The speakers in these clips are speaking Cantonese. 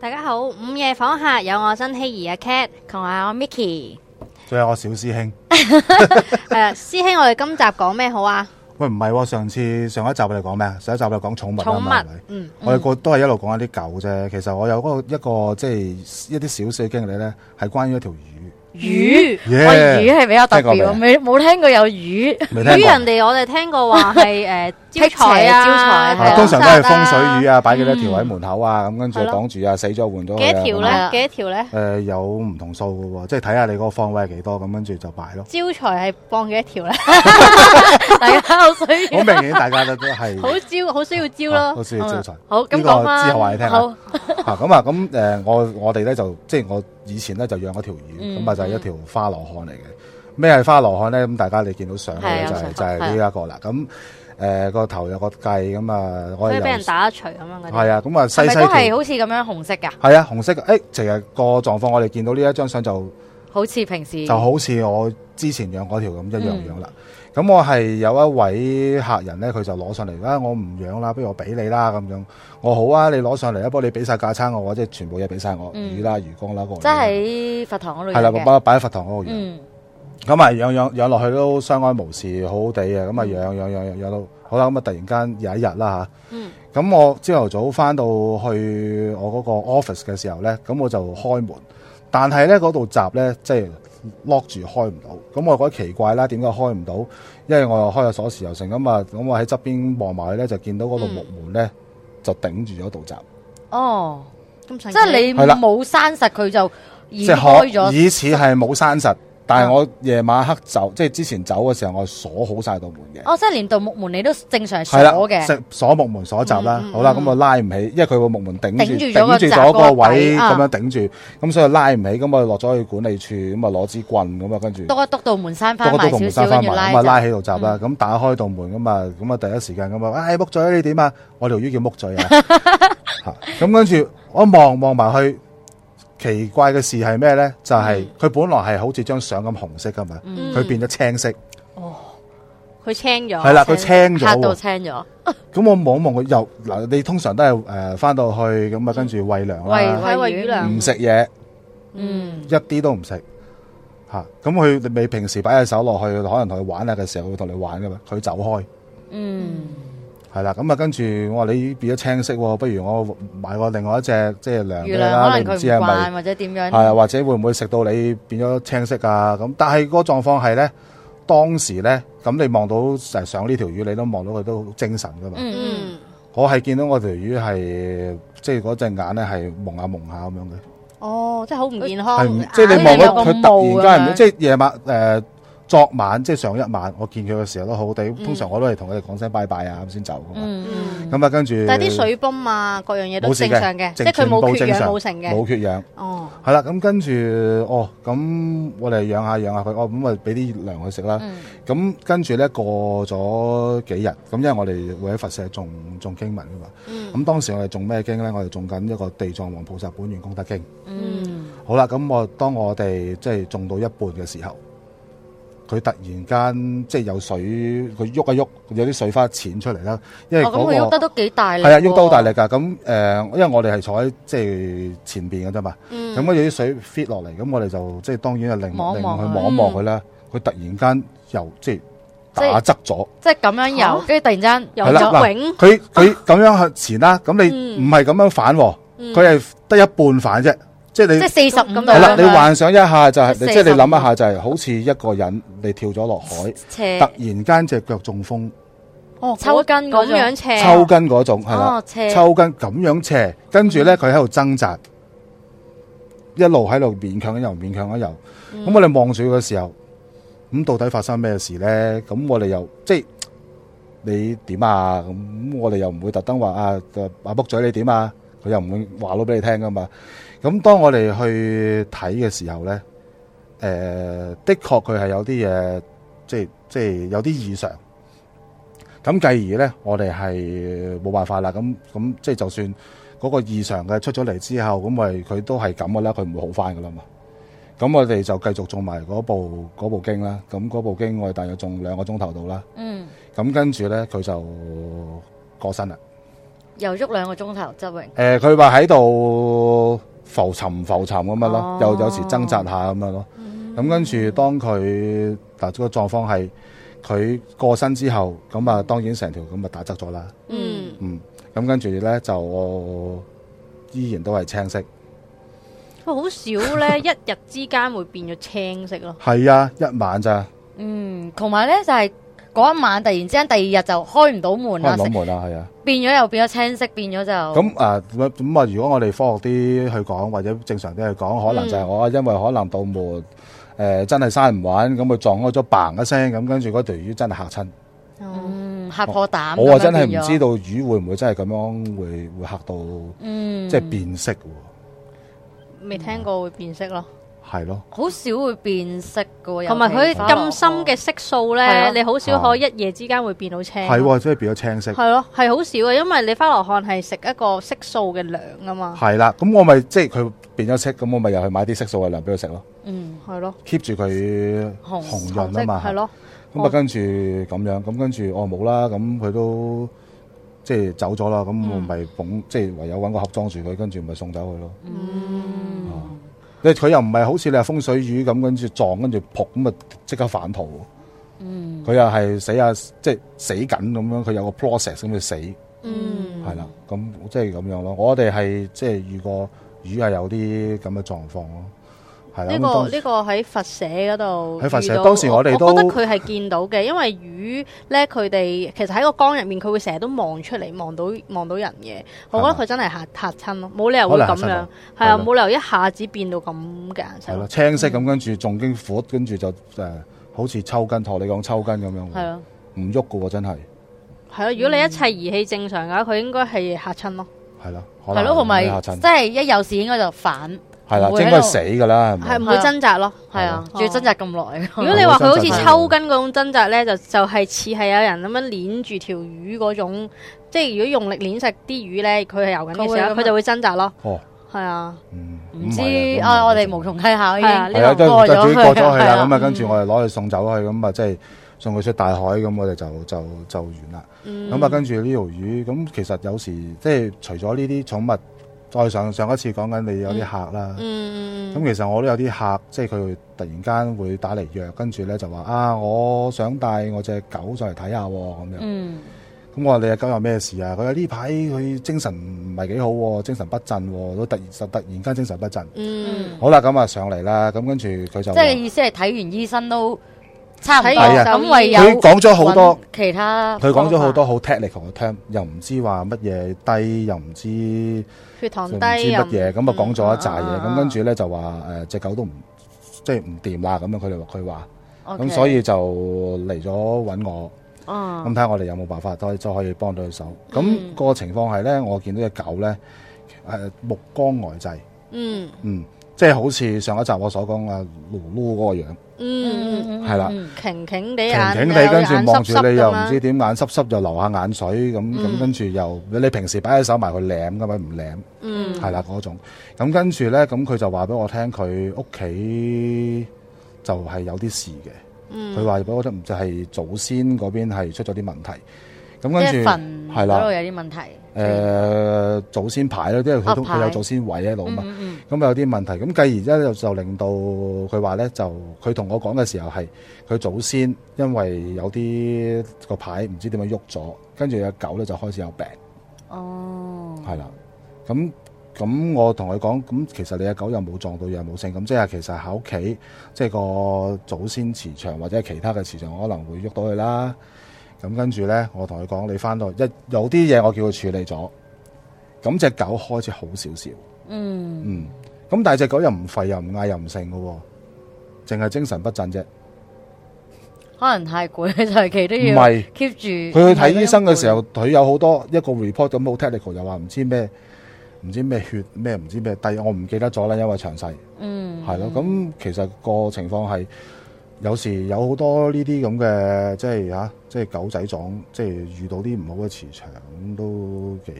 大家好，午夜訪客有我新希怡阿 Cat 同埋我 Micky，仲有我小師兄。誒， 師兄，我哋今集講咩好啊？喂，唔係，哦，上次上一集我哋講咩啊？上一集我哋講寵物，寵物，嗯。嗯，我哋個都係一路講一啲狗啫。其實我有嗰一個即係，就是，一啲小小嘅經歷咧，係關於一條魚。魚，yeah, 喂魚係比較特別，未冇聽過有魚。聽魚人哋我哋聽過話係誒。 招財啊，招財、啊啊啊、通常都係風水魚啊，擺、嗯、幾多條喺門口啊，咁跟住擋住啊，嗯、死咗換咗。幾條咧？幾多條咧？誒、呃，有唔同數嘅喎，即係睇下你嗰個方位係幾多，咁跟住就擺咯。招財係放幾多條咧？大家好水魚。好明顯，大家都係好招，好需要招咯。好需要招財。好，咁之後話你聽啦。好。啊，咁啊，咁誒，我我哋咧就即係我以前咧就養一條魚，咁啊就係一條花羅漢嚟嘅。咩係花羅漢咧？咁大家你見到相咧就係就係呢一個啦。咁。誒、呃，個頭有個計咁啊，可以俾人打一錘咁樣嘅。係啊，咁啊，細細、啊、都係好似咁樣紅色噶。係啊，紅色嘅。誒、欸，其實個狀況，我哋見到呢一張相就，好似平時就好似我之前養嗰條咁一樣、嗯、樣啦、啊。咁我係有一位客人咧，佢就攞上嚟，啊，我唔養啦，不如我俾你啦咁樣。我好啊，你攞上嚟啊，幫你俾晒架撐我，即係全部嘢俾晒我、嗯、魚啦、魚缸啦，嗰。即、就、係、是、佛堂嗰度，係啦、啊，我擺喺佛堂嗰個魚。嗯咁啊，養養養落去都相安無事，好好地呀。咁啊，養養養養養到好啦。咁啊，突然間有一日啦吓，咁、啊嗯、我朝頭早返到去我嗰個 office 嘅時候咧，咁我就開門，但係咧嗰度閘咧即係 lock 住開唔到。咁我覺得奇怪啦，點解開唔到？因為我又開咗鎖匙又成。咁啊，咁我喺側邊望埋去咧，就見到嗰度木門咧、嗯、就頂住咗道閘。哦，即係你冇閂實佢就已經即係開咗，似係冇閂實。但係我夜晚黑走，即係之前走嘅時候，我鎖好晒道門嘅。哦，即係連道木門你都正常鎖嘅。係啦，鎖木門鎖閘啦，好啦，咁我拉唔起，因為佢個木門頂住頂住咗個位咁樣頂住，咁所以拉唔起，咁我落咗去管理處，咁啊攞支棍咁啊跟住，篤一篤道門閂翻，篤篤道門閂翻埋，咁啊拉起道閘啦，咁打開道門，咁啊咁啊第一時間咁啊，哎木嘴你點啊？我條魚叫木嘴啊，咁跟住我望望埋去。奇怪嘅事係咩咧？就係、是、佢本來係好似張相咁紅色噶嘛，佢、嗯、變咗青色。哦，佢青咗，係啦，佢青咗，黑到青咗。咁、啊、我望望佢又嗱，你通常都係誒翻到去咁啊，跟住餵糧啦，餵魚糧，唔食嘢，嗯，一啲都唔食。吓、啊，咁佢你未平時擺隻手落去，可能同佢玩下嘅時候，會同你玩噶嘛？佢走開，嗯。係啦，咁啊，跟住我話你變咗青色，不如我買過另外一隻即係涼啦，你唔知係咪或者點樣？係啊，或者會唔會食到你變咗青色啊？咁但係個狀況係咧，當時咧，咁你望到就上呢條魚，你都望到佢都好精神噶嘛。嗯，嗯，我係見到我條魚係即係嗰隻眼咧係蒙下蒙下咁樣嘅。哦，即係好唔健康。即係你望到佢突然間即係夜晚誒。呃昨晚即係上一晚，我見佢嘅時候都好地，通常我都係同佢哋講聲拜拜啊咁先走。咁、嗯、啊、嗯嗯，跟住但啲水泵嘛、啊，各樣嘢都正常嘅，即係佢冇缺氧冇成嘅，冇缺，缺氧。哦，係、嗯、啦，咁、嗯、跟住哦，咁我哋養下養下佢，哦咁啊，俾啲糧佢食啦。咁、嗯嗯、跟住咧過咗幾日，咁因為我哋會喺佛舍誦誦經文啊嘛。咁、嗯嗯、當時我哋誦咩經咧？我哋誦緊一個地藏王菩薩本願功德經。嗯，好啦，咁我當我哋即係誦到一半嘅時候。佢突然間即係有水，佢喐一喐，有啲水花濺出嚟啦。因為、嗰個哦、佢喐得都幾大力，係啊，喐得好大力噶。咁誒、呃，因為我哋係坐喺即係前邊嘅啫嘛。咁、嗯、啊，有啲水 fit 落嚟，咁我哋就即係當然就令令去望一望佢啦。佢、嗯、突然間又，即係打側咗，即係咁樣游，跟、啊、住突然間有泳。佢佢咁樣向前啦，咁、啊、你唔係咁樣反、啊，佢係得一半反啫。即係你，即係四十五度咁樣斜，係啦！你幻想一下就係、是，即係、就是、你諗一下就係、是，好似一個人你跳咗落海斜，突然間隻腳中風，哦抽筋咁樣斜，抽筋嗰種係啦、哦，抽筋咁樣斜，跟住咧佢喺度掙扎，一路喺度勉強一游，勉強一游。咁、嗯、我哋望住佢嘅時候，咁到底發生咩事咧？咁我哋又即係、就是、你點啊？咁我哋又唔會特登話啊阿卜、啊啊啊、嘴你點啊？佢又唔會話到俾你聽噶嘛？咁當我哋去睇嘅時候咧，誒、呃、的確佢係有啲嘢，即係即係有啲異常。咁繼而咧，我哋係冇辦法啦。咁咁即係就算嗰個異常嘅出咗嚟之後，咁咪佢都係咁嘅啦，佢唔會好翻噶啦嘛。咁我哋就繼續做埋嗰部嗰部經啦。咁嗰部經我哋大約仲兩個鐘頭到啦。嗯。咁跟住咧，佢就過身啦。又喐兩個鐘頭，周榮。誒、呃，佢話喺度。浮沉浮沉咁樣咯，又、啊、有時掙扎下咁樣咯，咁、嗯、跟住當佢嗱、那個狀況係佢過身之後，咁啊當然成條咁啊打側咗啦，嗯嗯，咁跟住咧就、哦、依然都係青色，好、嗯、少咧 一日之間會變咗青色咯，係啊一晚咋，嗯同埋咧就係、是。嗰一晚突然之間，第二日就開唔到門，開唔到門啦，係啊，變咗又變咗青色，變咗就咁啊咁啊！如果我哋科學啲去講，或者正常啲去講，嗯、可能就係我因為可能到門誒、呃、真係閂唔穩，咁啊撞開咗嘭一聲，咁跟住嗰條魚真係嚇親，吓、嗯、破膽！我啊真係唔知道魚會唔會真係咁樣會會嚇到，嗯、即係變色，未、嗯、聽過會變色咯。係咯，好少會變色噶，同埋佢咁深嘅色素咧，你好少可以一夜之間會變到青，係即係變咗青色，係咯，係好少啊，因為你花羅漢係食一個色素嘅糧啊嘛，係啦，咁我咪即係佢變咗色，咁我咪又去買啲色素嘅糧俾佢食咯，嗯，係咯，keep 住佢紅潤啊嘛，係咯，咁啊、嗯嗯嗯、跟住咁樣，咁跟住我冇啦，咁佢都即係走咗啦，咁我咪捧、嗯、即係唯有揾個盒裝住佢，跟住咪送走佢咯。嗯佢又唔係好似你係風水魚咁跟住撞跟住撲咁啊，即刻反逃。嗯，佢又係死啊，即係死緊咁樣，佢有個 process 咁嚟死。嗯，係啦，咁即係咁樣咯。我哋係即係如果魚係有啲咁嘅狀況咯。呢、這個呢、這個喺佛舍嗰度，當時我哋都，我覺得佢係見到嘅，因為魚咧，佢哋其實喺個缸入面，佢會成日都望出嚟，望到望到人嘅。我覺得佢真係吓嚇親咯，冇理由會咁樣，係啊，冇理由一下子變到咁嘅顏色。係咯，青色咁、嗯，跟住仲經火，跟住就誒、呃，好似抽筋，同你講抽筋咁樣。係唔喐噶，真係。係啊、嗯，如果你一切儀器正常嘅話，佢應該係嚇親咯。係咯，係咯，同埋即係一有事應該就反。係啦，應該死噶啦，係咪？係唔會掙扎咯，係啊，仲要掙扎咁耐。如果你話佢好似抽筋嗰種掙扎咧，就就係似係有人咁樣捻住條魚嗰種，即係如果用力捻實啲魚咧，佢係游緊嘅時候，佢就會掙扎咯。哦，係、嗯嗯、啊，唔知啊，我哋無從稽考已經係啊，都都已經過咗去啦。咁啊，跟住我哋攞去送走去，咁啊，即、嗯、係送佢出大海，咁我哋就就就完啦。咁、嗯、啊、嗯，跟住呢條魚，咁其實有時即係除咗呢啲寵物。再上上一次講緊你有啲客啦，咁、嗯、其實我都有啲客，即係佢突然間會打嚟約，跟住咧就話啊，我想帶我隻狗再嚟睇下咁樣。咁、嗯、我話你隻狗有咩事啊？佢話呢排佢精神唔係幾好，精神不振，都突然就突然間精神不振。嗯，好啦，咁啊上嚟啦，咁跟住佢就即係意思係睇完醫生都。差唔多。咁佢講咗好多其他，佢講咗好多好 technical 嘅 term，又唔知話乜嘢低，又唔知血糖低，唔知乜嘢。咁、嗯、啊講咗一紮嘢，咁跟住咧就話誒隻狗都唔即係唔掂啦。咁佢哋話佢話咁所以就嚟咗搵我。咁睇下我哋有冇辦法再再可以幫到佢手。咁、那個情況係咧，我見到隻狗咧誒、呃、目光呆滯。嗯嗯，即係好似上一集我所講阿嚕嚕嗰個樣。嗯，係啦，晴晴哋啊，晴晴哋跟住望住你又唔知點，眼濕濕又，又流下眼水咁，咁跟住又你平時擺喺手埋佢舐噶嘛，唔舐，嗯，係啦嗰種，咁跟住咧，咁佢就話俾我聽佢屋企就係有啲事嘅，嗯，佢話俾我聽唔就係、是、祖先嗰邊係出咗啲問題。咁跟住，係啦，有啲問題。誒、呃，祖先牌咧，因為佢都佢有祖先位喺度嘛，咁、嗯嗯嗯、有啲問題。咁繼而之後就令到佢話咧，就佢同我講嘅時候係，佢祖先因為有啲個牌唔知點樣喐咗，跟住阿狗咧就開始有病。哦。係啦，咁咁我同佢講，咁其實你阿狗又冇撞到，又冇聲，咁即係其實喺屋企，即係個祖先磁場或者係其他嘅磁場可能會喐到佢啦。咁跟住咧，我同佢講：你翻到一有啲嘢，我叫佢處理咗。咁隻狗開始好少少。嗯嗯。咁但係隻狗又唔吠，又唔嗌，又唔剩嘅喎，淨係精神不振啫。可能太攰，長期都要 keep 住。佢去睇醫生嘅時候，佢有好多一個 report 咁好 technical，就話唔知咩，唔知咩血咩，唔知咩低。但我唔記得咗啦，因為詳細。嗯。係咯，咁其實個情況係。有時有好多呢啲咁嘅，即係啊，即係狗仔種，即係遇到啲唔好嘅磁場，咁都幾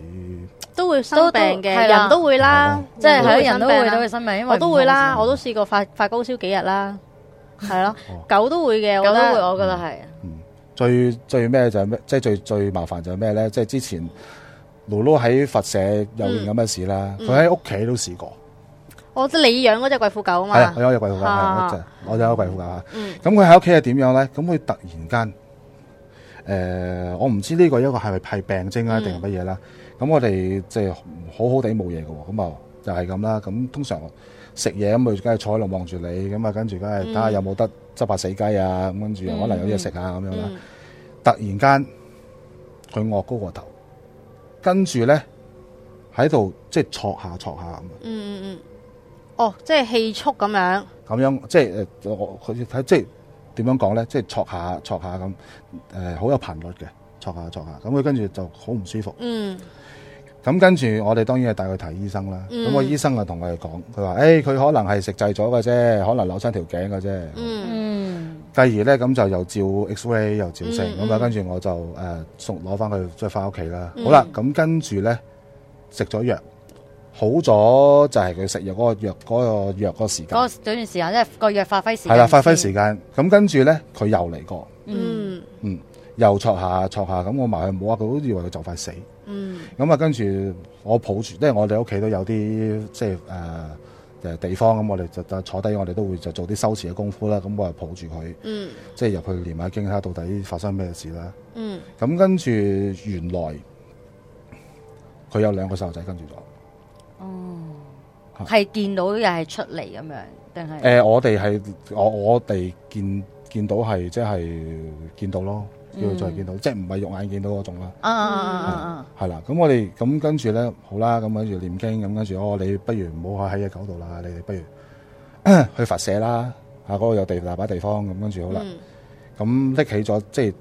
都會生病嘅，人都會啦，哦、即係係、啊、人都會都佢生，生病，我都會啦，我都試過發發高燒幾日啦，係咯、哦，狗都會嘅、哦，狗都會，我覺得係、嗯嗯。最最咩就係咩？即係最最麻煩就係咩咧？即係之前露露喺佛社有件咁、嗯、嘅事啦，佢喺屋企都試過。我知你養嗰隻貴婦狗啊嘛，係啊，我有隻貴婦狗、啊，我有隻貴婦狗啊。咁佢喺屋企係點樣咧？咁佢突然間誒、呃，我唔知呢個一個係咪係病症啊，定係乜嘢啦。咁我哋即係好好地冇嘢嘅，咁啊，就係咁啦。咁通常食嘢咁，佢梗係坐喺度望住你咁啊，跟住梗係睇下有冇得執下死雞啊，咁跟住可能有嘢食啊，咁樣啦、嗯嗯。突然間佢卧高個頭，跟住咧喺度即係戳下戳下咁。嗯嗯嗯。哦，即係氣促咁樣，咁樣即係誒，我佢睇即係點樣講咧，即係戳下戳下咁，誒、呃，好、呃呃、有頻率嘅，戳下戳下，咁、呃、佢、呃呃、跟住就好唔舒服。嗯，咁跟住我哋當然係帶佢睇醫生啦。咁、嗯嗰個醫生就同我哋講，佢話誒，佢、欸、可能係食滯咗嘅啫，可能扭親條頸嘅啫。嗯，嗯第二咧，咁就又照 X ray，又照成咁啊，跟住我就誒，送攞翻去即係翻屋企啦、嗯。好啦，咁跟住咧，食咗藥。好咗就係佢食藥，嗰個藥嗰、嗰個藥嗰、嗰個時間，嗰、那、段、個、時間咧、嗰個藥發揮時間係啦，發揮時間，咁跟住咧，佢又嚟過，嗯嗯，又戳下戳下，咁我埋去冇啊，佢好似話佢就快死，嗯，咁啊跟住我抱住，即係我哋屋企都有啲即係誒誒地方，咁我哋就坐低，我哋都會就做啲修持嘅功夫啦，咁我又抱住佢，嗯，即係入去唸下經，睇下到底發生咩事啦，嗯，咁跟住原來佢有兩個細路仔跟住咗。係見到又係出嚟咁樣，定係？誒、呃，我哋係我我哋見見到係即係見到咯，叫做再見到，嗯、即係唔係肉眼見到嗰種啦。啊啊啊啊！係啦，咁我哋咁跟住咧，好啦，咁跟住念經，咁跟住哦，你不如唔好喺喺隻狗度啦，你哋不如去佛社啦。啊，嗰個有地大把地方，咁跟住好啦。咁、嗯、拎起咗，即係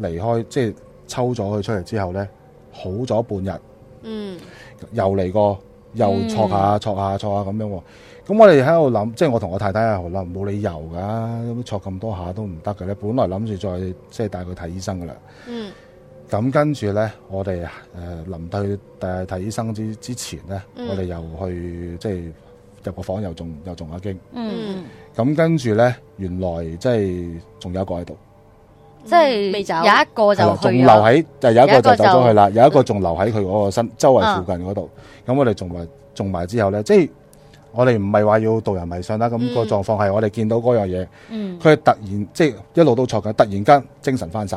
離開，即係抽咗佢出嚟之後咧，好咗半日。嗯。又嚟過。又戳下戳下戳下咁樣，咁、嗯嗯、我哋喺度諗，即、就、係、是、我同我太太啊好啦，冇理由噶，咁戳咁多下都唔得嘅咧。本來諗住再即係帶佢睇醫生噶啦，嗯，咁跟住咧，我哋誒臨去睇醫生之之前咧、嗯，我哋又去即係、就是、入個房又仲又仲阿經，嗯，咁跟住咧，原來即係仲有一個喺度。即係未走，有一個就仲留喺，就有一個就走咗去啦，有一個仲留喺佢嗰個身周圍附近嗰度。咁、嗯、我哋仲埋，仲埋之後咧，即係我哋唔係話要導人迷信啦。咁、嗯、嗰個狀況係我哋見到嗰樣嘢，佢、嗯、係突然即係一路都坐緊，突然間精神翻晒。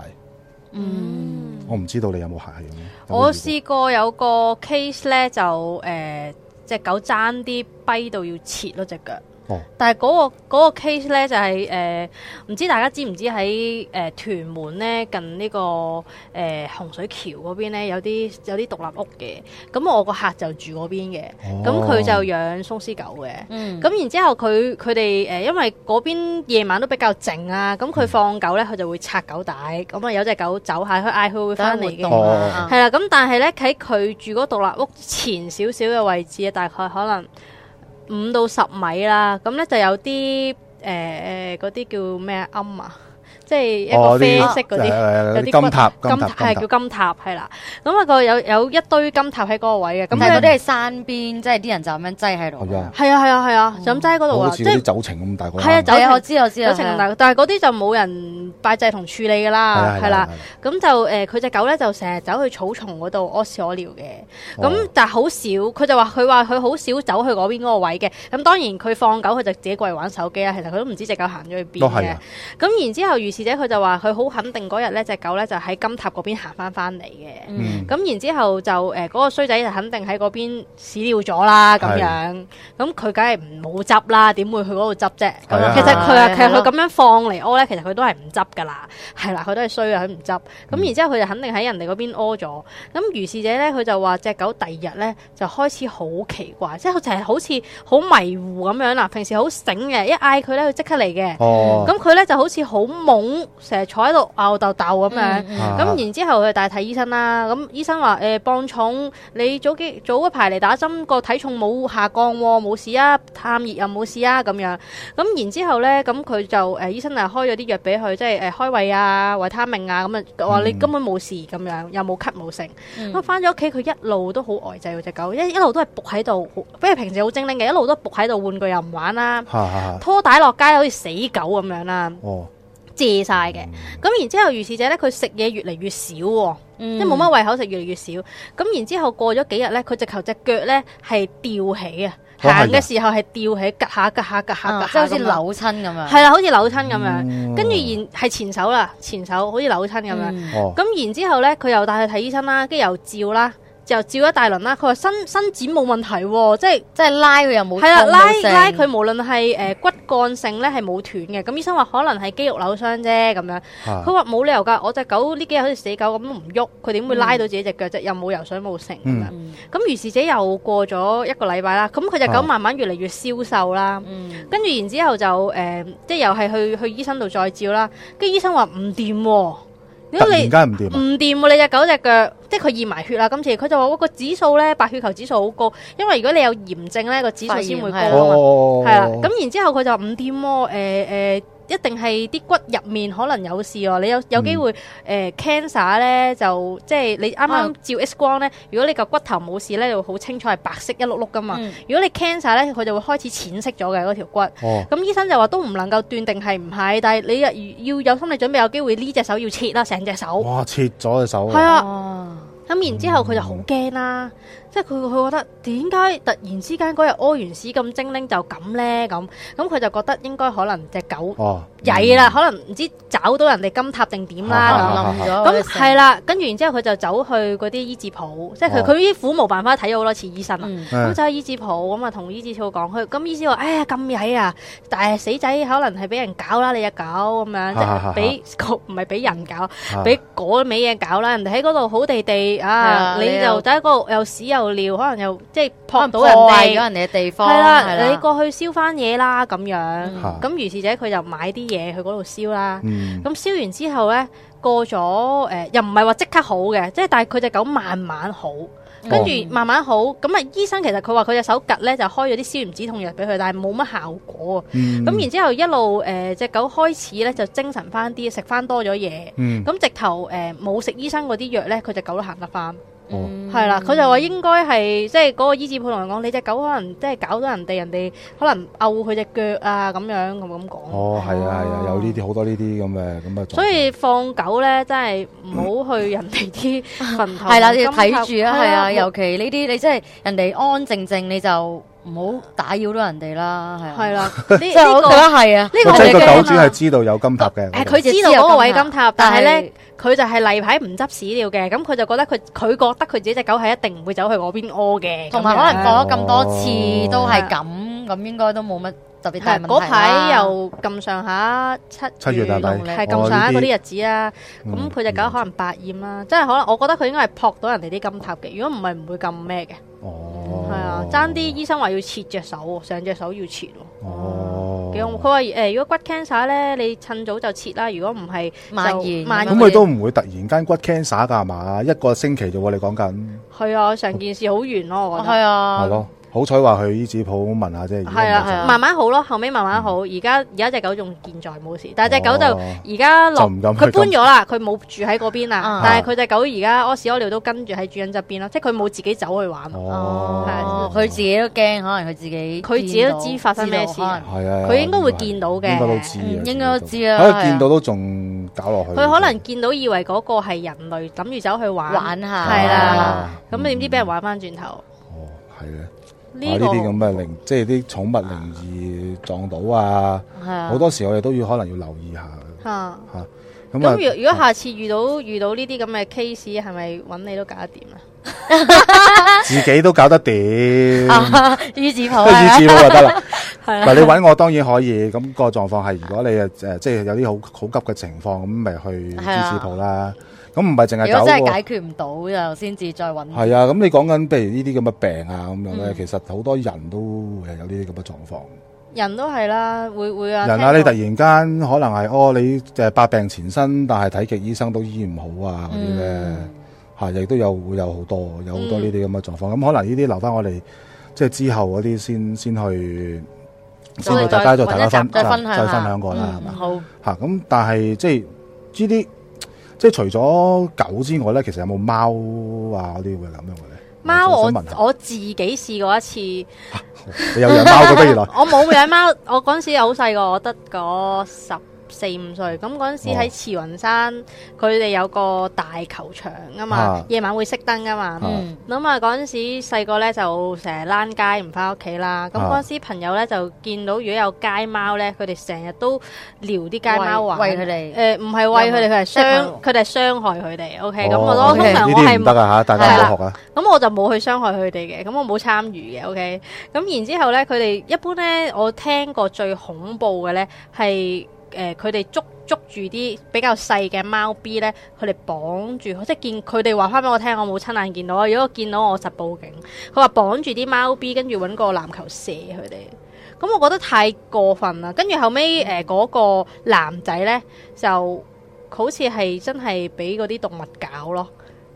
嗯，我唔知道你有冇係咁。我試過有個 case 咧，就誒隻、呃、狗爭啲跛到要切嗰隻腳。但係嗰、那個嗰、那個 case 咧就係、是、誒，唔、呃、知大家知唔知喺誒、呃，屯門咧近呢、這個誒、呃、洪水橋嗰邊咧有啲有啲獨立屋嘅，咁我個客就住嗰邊嘅，咁佢就養鬆獅狗嘅，咁、嗯、然之後佢佢哋誒，因為嗰邊夜晚都比較靜啊，咁佢放狗咧，佢就會拆狗帶，咁啊有隻狗走下，佢嗌佢會翻嚟嘅，係、嗯、啦，咁但係咧喺佢住嗰獨立屋前少少嘅位置啊，大概可能。五到十米啦，咁咧就有啲誒誒嗰啲叫咩鵪啊？即係一個啡色嗰啲，哦，有啲金塔，金塔係，啊、叫金塔，係啦。咁啊個有有一堆金塔喺嗰，啊啊、個位嘅。咁嗰啲係山邊，即係啲人就咁樣擠喺度。係啊係啊係啊，就咁擠喺嗰度啊！即係啲酒埕咁大個。係啊酒埕，啊、我知道酒埕我知酒埕咁大，但係嗰啲就冇人拜祭同處理㗎啦，係啦，啊。咁就誒佢隻狗咧就成日走去草叢嗰度屙屎屙尿嘅。咁但係好少，佢就話佢話佢好少走去嗰邊嗰個位嘅。咁當然佢放狗佢就自己過嚟玩手機啦。其實佢都唔知隻狗行咗去邊嘅。咁然之後事者佢就話佢好肯定嗰日咧隻狗咧就喺金塔嗰邊行翻翻嚟嘅，咁、嗯、然之後就誒嗰、呃、那個衰仔、嗯嗯、就肯定喺嗰邊屎尿咗啦咁樣，咁佢梗係唔好執啦，點會去嗰度執啫？其實佢啊，其實佢咁樣放嚟屙咧，其實佢都係唔執噶啦，係啦，佢都係衰啊，佢唔執。咁然之後佢就肯定喺人哋嗰邊屙咗。咁如是者咧，佢就話隻狗第二日咧就開始好奇怪，即、就、係、是、好似好迷糊咁樣啦。平時好醒嘅，一嗌佢咧佢即刻嚟嘅，咁佢咧就好似好矇。成日坐喺度吽豆豆咁樣，咁、嗯嗯啊、然之後佢就帶睇醫生啦。咁醫生話：誒、呃，磅重，你早幾早一排嚟打針個體重冇下降，冇事啊，探熱又冇事啊，咁樣。咁然之後咧，咁佢就誒、呃，醫生就開咗啲藥俾佢，即係誒開胃啊，維他命啊，咁啊話你根本冇事咁、嗯、樣，又冇咳冇剩。咁翻咗屋企，佢、嗯、一路都好呆滯，隻狗一一路都係仆喺度，不如平時好精靈嘅，一路都仆喺度，玩具又唔玩啦，拖帶落街好似死狗咁樣啦。啊啊哦借晒嘅，咁然之後，如是者咧，佢食嘢越嚟越少，即係冇乜胃口食越嚟越少。咁然之後過咗幾日咧，佢隻球隻腳咧係吊起啊，行嘅時候係吊起，趌、哦、下趌下趌下趌下，即、哦、係好似扭親咁樣。係啦，好似扭親咁樣。跟、嗯、住然係前手啦，前手好似扭親咁樣。咁、嗯、然之後咧，佢又帶去睇醫生啦，跟住又照啦。就照一大輪啦，佢話伸伸展冇問題，即係即係拉佢又冇。係啦，拉拉佢無論係、呃、骨幹性咧係冇斷嘅，咁醫生話可能係肌肉扭傷啫咁樣。佢話冇理由㗎，我隻狗呢幾日好似死狗咁都唔喐，佢點會拉到自己隻腳啫、嗯？又冇游水冇成咁樣。咁、嗯、於是者又過咗一個禮拜啦，咁佢隻狗慢慢越嚟越消瘦啦。跟、啊、住、嗯、然之後就誒、呃，即又係去去醫生度再照啦。跟醫生話唔掂，突然間、啊、你唔掂，唔掂、啊啊、你隻狗隻腳。即係佢驗埋血啦，今次佢就話：我個指數咧，白血球指數好高，因為如果你有炎症咧，個指數先會高嘛。係啦，咁、哦、然之後佢就五點摸誒、呃呃、一定係啲骨入面可能有事喎。你有有機會誒、嗯呃、cancer 咧，就即係你啱啱照 X 光咧、啊，如果你個骨頭冇事咧，你會好清楚係白色一碌碌噶嘛。嗯、如果你 cancer 咧，佢就會開始淺色咗嘅嗰條骨。咁、哦、醫生就話都唔能夠斷定係唔係，但係你要有心理準備，有機會呢隻、這個、手要切啦，成隻手。哇！切咗隻手、啊。係啊。咁、嗯、然之後佢就好驚啦，即係佢佢覺得點解突然之間嗰日屙完屎咁精靈就咁呢？咁咁佢就覺得應該可能隻狗、哦。曳啦，可能唔知找到人哋金塔定點啦，咁諗咗。咁係啦，跟住然之後佢就走去嗰啲醫治鋪，即係佢佢啲苦冇辦法睇咗好多次醫生啦。咁走去醫治鋪咁、就是哎、啊，同醫治師講佢，咁醫治師話：唉，咁曳啊！但係死仔可能係俾人搞啦，你隻狗，咁樣，即係俾唔係俾人搞，俾嗰尾嘢搞啦、啊就是啊啊。人哋喺嗰度好地地啊，啊，你就喺嗰度又有屎又尿，可能又即係撲唔到人哋。霸咗人哋嘅地方。係啦，你過去燒翻嘢啦，咁樣。咁、嗯、於、嗯、是者佢就買啲嘢。嘢去嗰度燒啦，咁燒完之後呢，過咗誒、呃，又唔係話即刻好嘅，即係但係佢隻狗慢慢好，跟住慢慢好，咁啊醫生其實佢話佢隻手夾呢，就開咗啲消炎止痛藥俾佢，但係冇乜效果，咁、嗯、然之後一路誒隻、呃、狗開始呢，就精神翻啲，食翻多咗嘢，咁、嗯、直頭誒冇食醫生嗰啲藥呢，佢隻狗都行得翻。係、嗯、啦，佢就話應該係即係嗰個醫治普同人講，你隻狗可能即係搞到人哋，人哋可能勾佢隻腳啊咁樣咁講。哦，係啊係啊，有呢啲好多呢啲咁嘅咁嘅。所以放狗咧，真係唔好去人哋啲墳頭，係啦，你要睇住啊，係啊，尤其呢啲你真係人哋安安靜靜，你就唔好打擾到人哋啦。係啊，係啦，即係呢個係啊。呢、這個即係狗主係知道有金塔嘅，係佢知道有個位金塔，金塔但係咧。佢就係例牌唔執屎尿嘅，咁佢就覺得佢佢覺得佢自己隻狗係一定唔會走去嗰邊屙嘅，同埋可能過咗咁多次都係咁，咁、哦、應該都冇乜特別大問題。係嗰排又咁上下七月係咁上下嗰啲日子啦。咁佢隻狗可能百厭啦，即、嗯、係、嗯、可能我覺得佢應該係撲到人哋啲金塔嘅，如果唔係唔會咁咩嘅。哦，係啊，爭啲醫生話要切隻手，成隻手要切。哦，佢話誒，如果骨 cancer 咧，你趁早就切啦。如果唔係蔓延，蔓延咁佢都唔會突然間骨 cancer 噶係嘛？一個星期啫，你講緊？係啊，成件事好玄咯，我覺得係啊，係咯、啊。好彩話去醫字鋪問下啫，係啦係，慢慢好咯，後尾慢慢好。而家而家隻狗仲健在冇事，但係隻狗就而家落佢、哦、搬咗啦，佢冇住喺嗰邊啦，但係佢隻狗而家屙屎屙尿都跟住喺主人側邊咯，即係佢冇自己走去玩。哦，係佢、啊、自己都驚，可能佢自己佢自,自己都知發生咩事，係啊，佢應該會見到嘅、啊，應該都知,道應該都知道啊。佢、啊、見到都仲搞落去，佢可能見到以為嗰個係人類，諗住、啊、走去玩玩下，係啦、啊。咁你點知俾人玩翻轉頭？哦，係啊。呢啲咁嘅靈，即係啲寵物靈異撞到啊！好、啊、多時候我哋都要可能要留意一下。嚇嚇咁啊，啊！如果下次遇到、啊、遇到呢啲咁嘅 case，係咪揾你都搞得掂啊？自己都搞得掂，御字婆，御字婆就得啦。唔係、啊、你揾我當然可以，咁、那個狀況係如果你誒、啊、即係有啲好好急嘅情況咁，咪去御字婆啦。咁唔係淨係走。如果真係解決唔到，又先至再揾。係啊，咁你講緊譬如呢啲咁嘅病啊咁樣咧，嗯、其實好多人都會有呢啲咁嘅狀況。人都係啦，會會啊。人啊，你突然間可能係哦，你就百病纏身，但係睇極醫生都醫唔好啊嗰啲咧係，亦、嗯啊、都有會有好多有好多呢啲咁嘅狀況。咁、嗯、可能呢啲留翻我哋即係之後嗰啲先先去，先去大家再大家分再分享啦，係嘛、嗯？好咁、啊、但係即係呢啲。GD, 即係除咗狗之外咧，其實有冇貓啊嗰啲會咁樣嘅咧？貓，我我，我自己試過一次。啊，你有養貓嘅不如來。我冇養貓， 我嗰陣時好細個，我得嗰十。四五歲咁嗰陣時喺慈雲山，佢、哦、哋有個大球場啊嘛，夜、啊、晚會熄燈噶嘛。諗下嗰陣時細個咧就成日躝街唔翻屋企啦。咁嗰陣時朋友咧就見到如果有街貓咧，佢哋成日都撩啲街貓玩，餵佢哋。誒，唔係餵佢哋，佢係傷，佢哋係傷害佢哋。O K，咁我通常我係得噶吓，大家都學啊。咁我就冇去傷害佢哋嘅，咁我冇參與嘅。O K，咁然之後咧，佢哋一般咧，我聽過最恐怖嘅咧係。誒，佢哋捉捉住啲比較細嘅貓 B 呢，佢哋綁住，即係見佢哋話翻俾我聽，我冇親眼見到啊！如果見到我實報警。佢話綁住啲貓 B，跟住揾個籃球射佢哋。咁我覺得太過分啦。跟住後尾，誒嗰個男仔呢，就好似係真係俾嗰啲動物搞咯。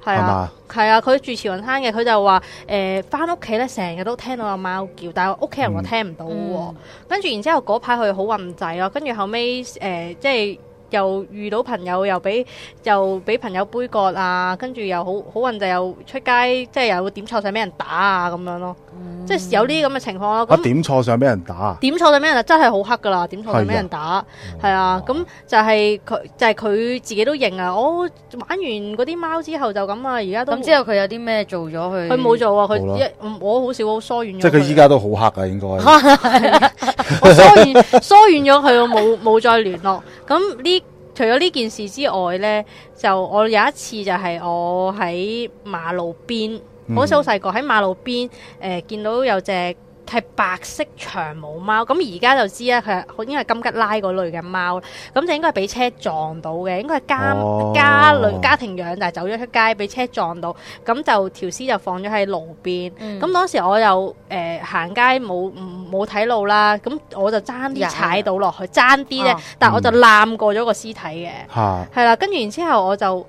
係啊，係啊，佢住慈雲山嘅，佢就話誒翻屋企咧，成、呃、日都聽到阿貓叫，但係屋企人話聽唔到喎、嗯嗯。跟住然之後嗰排佢好暈滯咯，跟住後尾，誒、呃、即係。又遇到朋友又俾又俾朋友杯葛啊，跟住又好好運，就又出街，即係又點錯晒俾人打啊，咁樣咯，嗯、即係有啲咁嘅情況咯、啊。點錯晒俾人打，點錯晒俾人真係好黑噶啦！點錯晒俾人打，係啊，咁、啊哦嗯、就係、是、佢就係、是、佢自己都認啊！我、哦、玩完嗰啲貓之後就咁啊，而家都咁之後，佢有啲咩做咗？佢佢冇做啊！佢一我好少，我疏遠咗。即係佢依家都好黑噶，應該 疏遠，疏遠咗佢，我冇冇再聯絡。咁呢？除咗呢件事之外呢，就我有一次就係我喺馬路邊，好少好細個喺馬路邊誒、呃、見到有隻。係白色長毛貓，咁而家就知啦。佢應該係金吉拉嗰類嘅貓，咁就應該係俾車撞到嘅，應該係家、哦、家類家庭養，但係走咗出街俾車撞到，咁就條屍就放咗喺路邊。咁、嗯、當時我又誒行街冇冇睇路啦，咁我就爭啲踩到落去，爭啲咧，但係我就攬過咗個屍體嘅，係、啊、啦，跟住然後之後我就。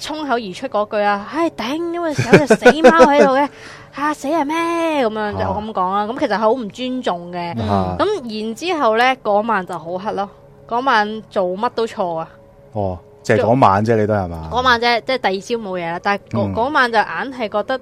衝口而出嗰句啊，唉頂，因為有隻死貓喺度嘅，吓死係咩，咁樣就咁講啦，咁其實係好唔尊重嘅。咁然之後咧，嗰晚就好黑咯，嗰晚做乜都錯啊。哦，就係嗰晚啫，你都係嘛？嗰晚啫，即係第二朝冇嘢啦。但係嗰嗰晚就硬係覺得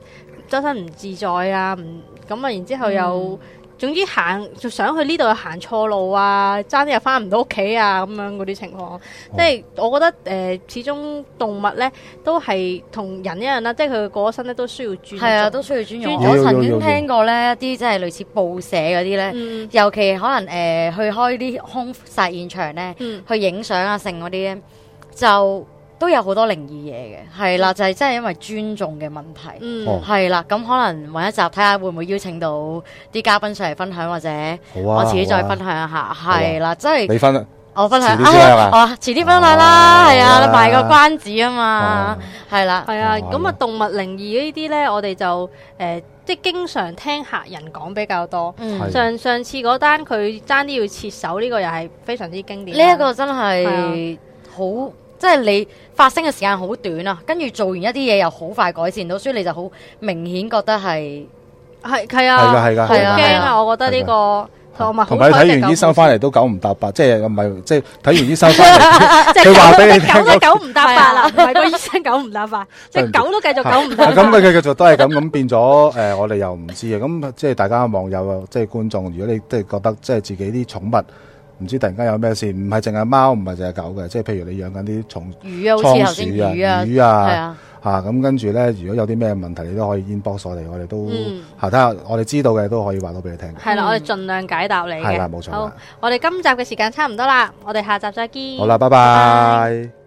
周身唔自在啊，唔咁啊，然之後又。總之行就想去呢度行錯路啊，爭啲又翻唔到屋企啊，咁樣嗰啲情況，哦、即係我覺得誒、呃，始終動物咧都係同人一樣啦，即係佢過身咧都需要轉係啊都需要轉。我曾經聽過咧一啲即係類似報社嗰啲咧，嗯、尤其可能誒、呃、去開啲兇殺現場咧，嗯、去影相啊剩嗰啲咧就。都有好多靈異嘢嘅，係啦，就係真係因為尊重嘅問題，係、嗯、啦，咁、哦、可能搵一集睇下會唔會邀請到啲嘉賓上嚟分享，或者好、啊、我自己再分享一下，係啦、啊，真係、啊、你分享，我分享，哦，遲啲分享啦，係啊，啊，啊，賣個關子啊嘛，係啦，係啊，咁啊動物靈異呢啲咧，我哋就誒、呃、即係經常聽客人講比較多，嗯、上上次嗰單佢爭啲要切手呢、這個又係非常之經典，呢、這、一個真係好。即係你發生嘅時間好短啊，跟住做完一啲嘢又好快改善到，所以你就好明顯覺得係係係啊，係啊，係噶，好驚啊！我覺得呢個同埋同埋睇完醫生翻嚟都九唔搭八，即係唔係即係睇完醫生翻嚟，佢話俾你聽都九唔搭八啦，唔係個醫生九唔搭八，即係狗都繼續九唔搭八。咁佢繼續都係咁，咁變咗誒，我哋又唔知啊。咁即係大家網友即係觀眾，如果你即係覺得即係自己啲寵物。唔知突然間有咩事，唔係淨係貓，唔係淨係狗嘅，即係譬如你養緊啲蟲、倉鼠啊、魚啊，吓咁、啊啊啊、跟住咧，如果有啲咩問題，你都可以 inbox 我哋，我哋都吓睇下，我哋知道嘅都可以話到俾你聽。係啦、啊嗯，我哋盡量解答你嘅，冇錯。好，我哋今集嘅時間差唔多啦，我哋下集再見。好啦，拜拜。拜拜。